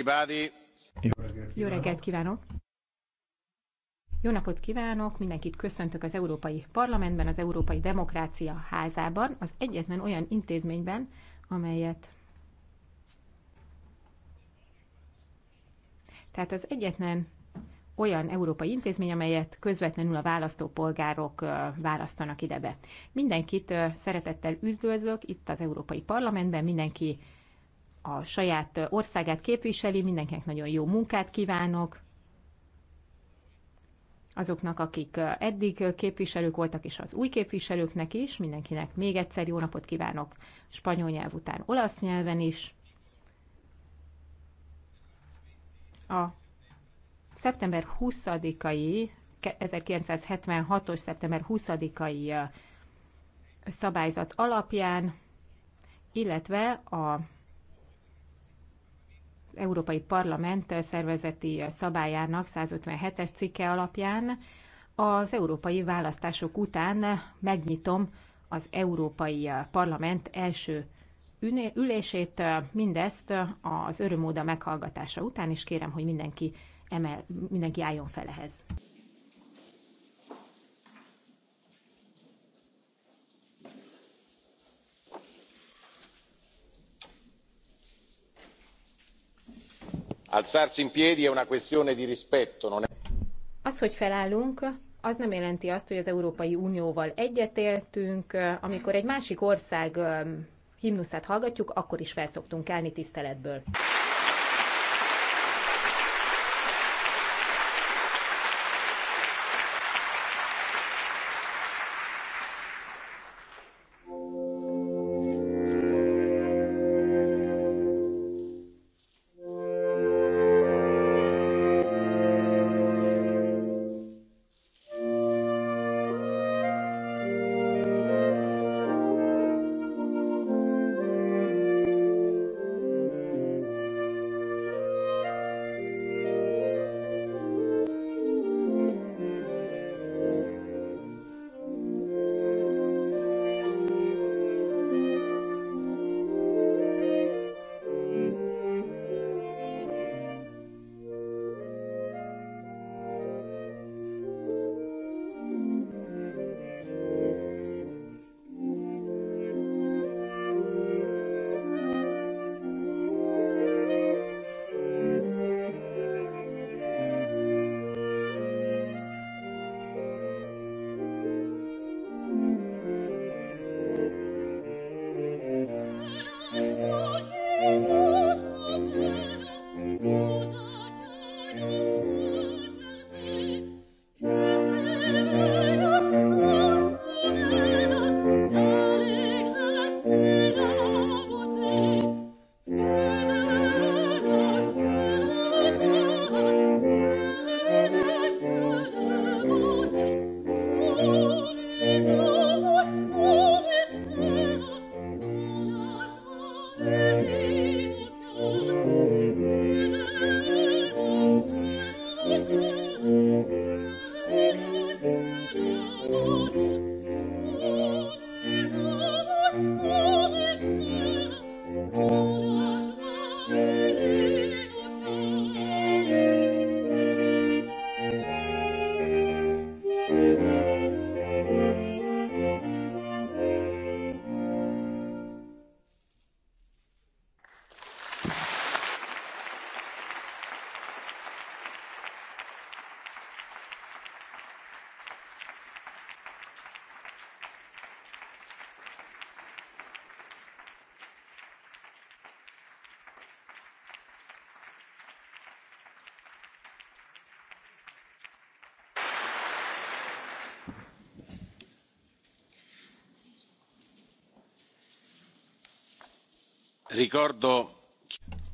Jó reggelt, Jó reggelt kívánok! Jó napot kívánok! Mindenkit köszöntök az Európai Parlamentben, az Európai Demokrácia Házában, az egyetlen olyan intézményben, amelyet. Tehát az egyetlen olyan európai intézmény, amelyet közvetlenül a választópolgárok választanak idebe. Mindenkit szeretettel üzdvözlök itt az Európai Parlamentben, mindenki a saját országát képviseli, mindenkinek nagyon jó munkát kívánok. Azoknak, akik eddig képviselők voltak, és az új képviselőknek is, mindenkinek még egyszer jó napot kívánok spanyol nyelv után olasz nyelven is. A szeptember 20-ai, 1976-os szeptember 20-ai szabályzat alapján, illetve a Európai Parlament szervezeti szabályának 157-es cikke alapján az európai választások után megnyitom az Európai Parlament első ülését, mindezt az örömóda meghallgatása után, és kérem, hogy mindenki, emel, mindenki álljon fel ehhez. az, hogy felállunk, az nem jelenti azt, hogy az Európai Unióval egyetértünk. Amikor egy másik ország himnuszát hallgatjuk, akkor is felszoktunk állni tiszteletből.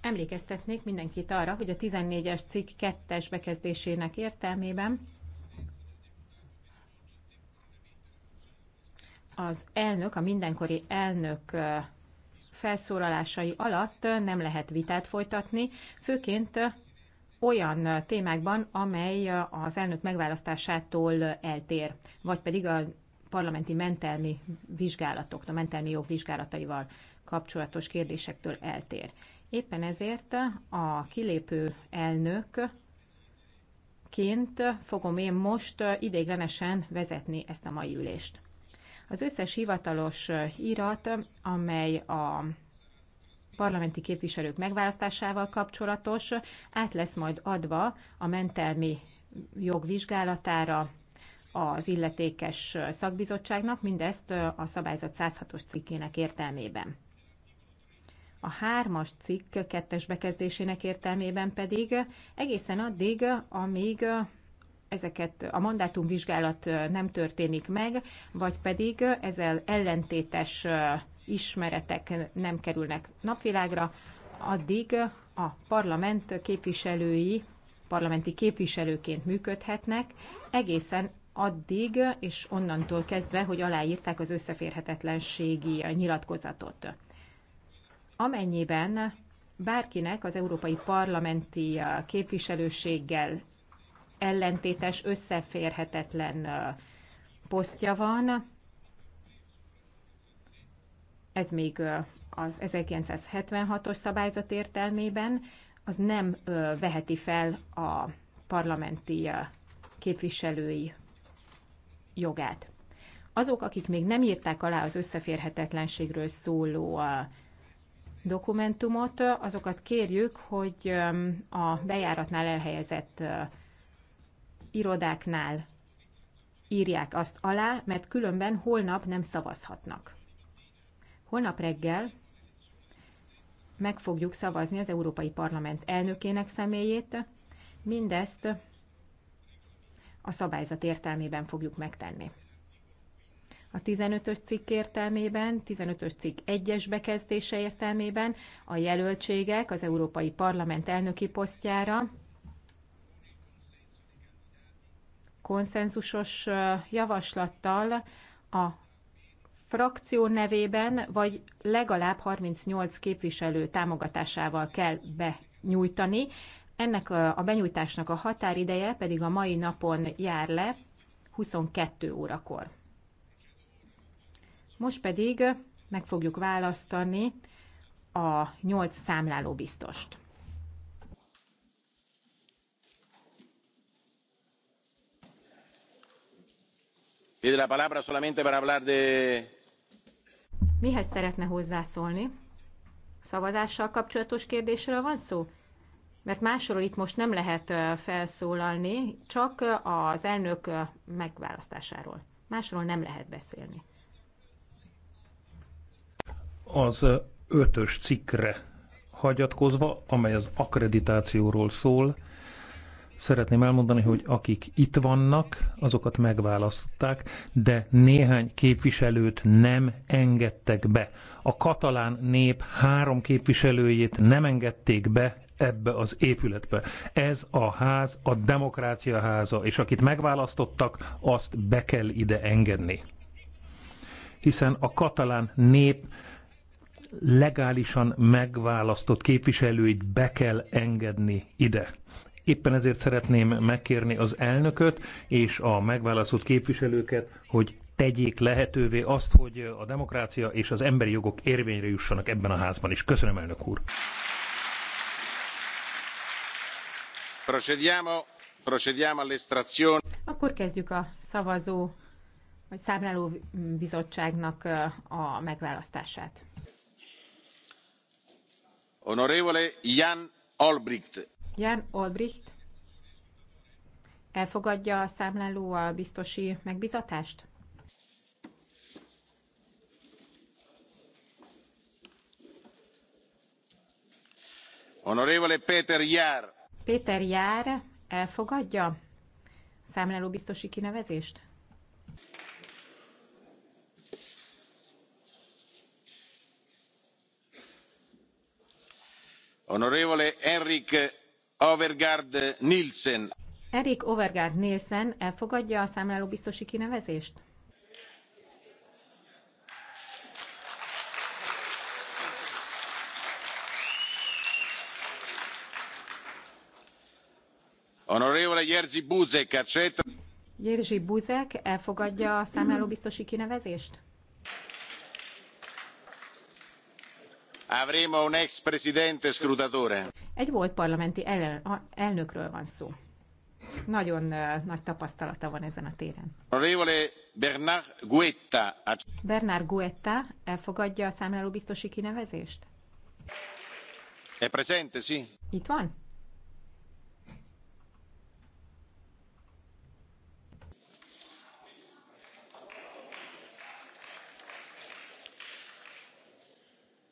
Emlékeztetnék mindenkit arra, hogy a 14-es cikk 2-es bekezdésének értelmében az elnök, a mindenkori elnök felszólalásai alatt nem lehet vitát folytatni, főként olyan témákban, amely az elnök megválasztásától eltér, vagy pedig a parlamenti mentelmi vizsgálatok, mentelmi jog vizsgálataival kapcsolatos kérdésektől eltér. Éppen ezért a kilépő elnök ként fogom én most ideiglenesen vezetni ezt a mai ülést. Az összes hivatalos írat, amely a parlamenti képviselők megválasztásával kapcsolatos, át lesz majd adva a mentelmi jog az illetékes szakbizottságnak, mindezt a szabályzat 106-os cikkének értelmében a hármas cikk kettes bekezdésének értelmében pedig egészen addig, amíg ezeket a mandátumvizsgálat nem történik meg, vagy pedig ezzel ellentétes ismeretek nem kerülnek napvilágra, addig a parlament képviselői, parlamenti képviselőként működhetnek, egészen addig és onnantól kezdve, hogy aláírták az összeférhetetlenségi nyilatkozatot amennyiben bárkinek az európai parlamenti uh, képviselőséggel ellentétes, összeférhetetlen uh, posztja van, ez még uh, az 1976-os szabályzat értelmében, az nem veheti fel a parlamenti képviselői jogát. Azok, akik még nem írták alá az összeférhetetlenségről szóló dokumentumot, azokat kérjük, hogy a bejáratnál elhelyezett irodáknál írják azt alá, mert különben holnap nem szavazhatnak. Holnap reggel meg fogjuk szavazni az Európai Parlament elnökének személyét, mindezt a szabályzat értelmében fogjuk megtenni a 15-ös cikk értelmében, 15-ös cikk 1-es bekezdése értelmében a jelöltségek az Európai Parlament elnöki posztjára konszenzusos javaslattal a frakció nevében, vagy legalább 38 képviselő támogatásával kell benyújtani. Ennek a benyújtásnak a határideje pedig a mai napon jár le 22 órakor. Most pedig meg fogjuk választani a nyolc számláló biztost. Pide la palabra solamente para hablar de... Mihez szeretne hozzászólni? Szavazással kapcsolatos kérdésről van szó? Mert másról itt most nem lehet felszólalni, csak az elnök megválasztásáról. Másról nem lehet beszélni az ötös cikkre hagyatkozva, amely az akkreditációról szól, szeretném elmondani, hogy akik itt vannak, azokat megválasztották, de néhány képviselőt nem engedtek be. A katalán nép három képviselőjét nem engedték be ebbe az épületbe. Ez a ház a demokrácia háza, és akit megválasztottak, azt be kell ide engedni. Hiszen a katalán nép legálisan megválasztott képviselőit be kell engedni ide. Éppen ezért szeretném megkérni az elnököt és a megválasztott képviselőket, hogy tegyék lehetővé azt, hogy a demokrácia és az emberi jogok érvényre jussanak ebben a házban is. Köszönöm, elnök úr! Procediamo, procediamo all'estrazione. Akkor kezdjük a szavazó vagy számláló bizottságnak a megválasztását. Honorevole Jan Albrecht. Jan Albrecht elfogadja a számláló a biztosi megbizatást? Honorevole Peter Jár. Peter Jár elfogadja számláló biztosi kinevezést? Honorevole Henrik Overgaard Nielsen. Erik Overgaard Nielsen elfogadja a biztosi kinevezést? Jerzy Buzek, hát Buzek elfogadja a biztosi kinevezést? Avremo un ex presidente scrutatore. Egy volt parlamenti el, elnökről van szó. Nagyon uh, nagy tapasztalata van ezen a téren. Bernard Guetta. Bernard Guetta elfogadja a számláló biztosi kinevezést? È presente, sì. Itt van?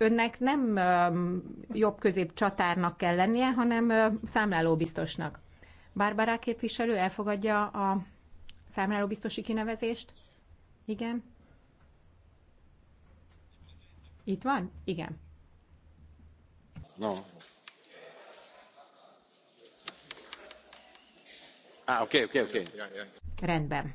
önnek nem jobb-közép csatárnak kell lennie, hanem számlálóbiztosnak. Barbara képviselő elfogadja a számlálóbiztosi kinevezést? Igen? Itt van? Igen. No. Ah, oké, okay, oké, okay, oké. Okay. Rendben.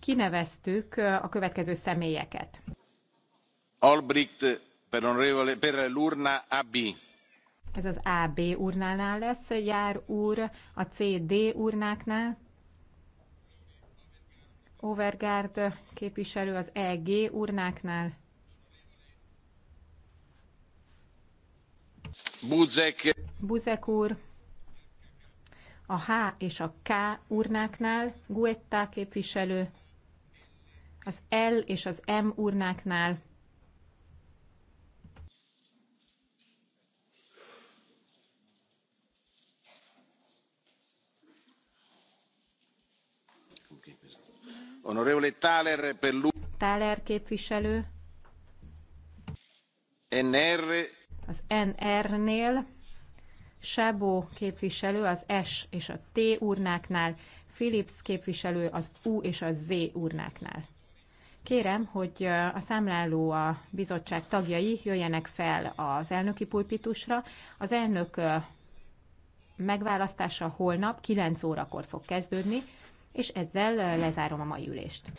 kineveztük a következő személyeket. Albrecht per, l'urna AB. Ez az AB urnánál lesz, jár úr a CD urnáknál. Overgard képviselő az EG urnáknál. Buzek. Buzek úr a H és a K urnáknál, Guetta képviselő, az L és az M urnáknál. Honorevole Thaler per Thaler képviselő. NR. Az NR-nél. Sábó képviselő az S és a T urnáknál, Philips képviselő az U és a Z urnáknál. Kérem, hogy a számláló a bizottság tagjai jöjjenek fel az elnöki pulpitusra. Az elnök megválasztása holnap 9 órakor fog kezdődni, és ezzel lezárom a mai ülést.